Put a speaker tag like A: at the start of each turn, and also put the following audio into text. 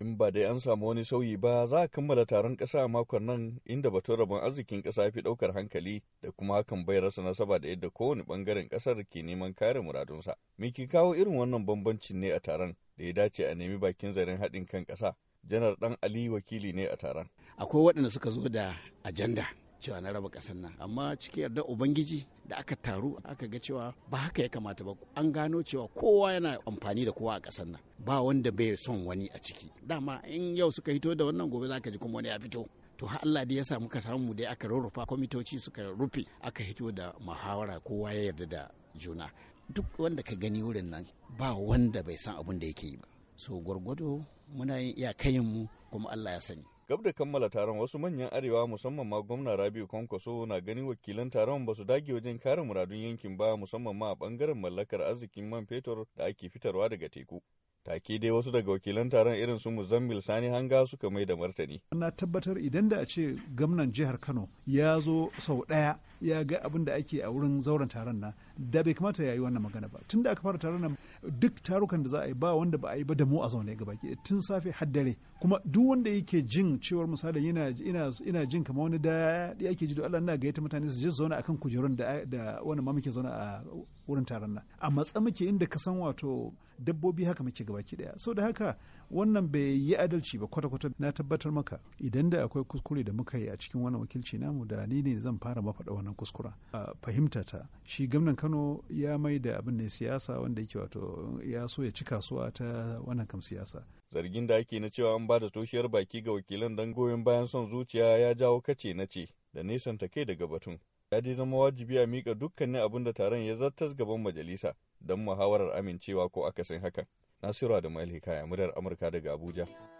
A: in ba dai an samu wani sauyi ba za a kammala taron ƙasa a makon nan inda batun rabon arzikin ƙasa fi ɗaukar hankali da kuma hakan bai rasa nasaba da yadda kowane ɓangaren ƙasar ke neman kare muradunsa. Me ke kawo irin wannan bambancin ne a taron da ya dace a nemi bakin zaren haɗin kan ƙasa? Janar ɗan Ali wakili ne a taron. Akwai waɗanda suka zo da ajanda
B: cewa na raba ƙasar nan amma cikin yarda ubangiji da aka taru aka ga cewa ba haka ya kamata ba an gano cewa kowa yana amfani da kowa a ƙasar nan ba wanda bai son wani a ciki dama in yau suka hito da wannan gobe za ji kuma wani ya fito to har Allah da ya sa muka samu dai aka rurrufa kwamitoci suka rufe aka hito da muhawara kowa ya yarda da juna duk wanda ka gani wurin nan ba wanda bai san abin da yake yi ba so gwargwado muna yin iyakayin mu kuma Allah ya sani
A: Gab da kammala taron wasu manyan arewa musamman ma gwamna Rabiu Kwankwaso na ganin wakilan taron ba su dage wajen kare muradun yankin ba musamman ma a bangaren mallakar arzikin man fetur da ake fitarwa daga teku. Take dai wasu daga wakilan taron irin su Muzammil Sani Hanga suka mai da martani.
C: Na tabbatar idan da a ce gwamnan jihar Kano ya zo sau ɗaya ya ga abin da ake a wurin zauren taron na da bai kamata ya yi wannan magana ba tun da aka fara taron nan duk tarukan da za a yi ba wanda ba a yi ba da mu a zaune gaba ki tun safe har dare kuma duk wanda yake jin cewar misali yana ina jin kamar wani da yake ji Allah na gayyata mutane su je zauna akan kujerun da da wannan ma muke zauna a wurin taron nan a matsa muke inda ka san wato dabbobi haka muke gaba ki daya so da haka wannan bai yi adalci ba kwata-kwata na tabbatar maka idan da akwai kuskure da muka yi a cikin wannan wakilci namu da ni ne zan fara mafaɗa wannan wannan kuskura a fahimta ta shi gwamnan kano ya mai da abin ne siyasa wanda yake wato ya so ya ci kasuwa ta wannan kam siyasa
A: zargin da ake na cewa an ba da toshiyar baki ga wakilan dan goyon bayan son zuciya ya jawo kace na ce da nisan ta kai daga batun ya je zama wajibi a mika dukkanin abin da taron ya zartas gaban majalisa don muhawarar amincewa ko akasin hakan nasiru da malika hikaya muryar amurka daga abuja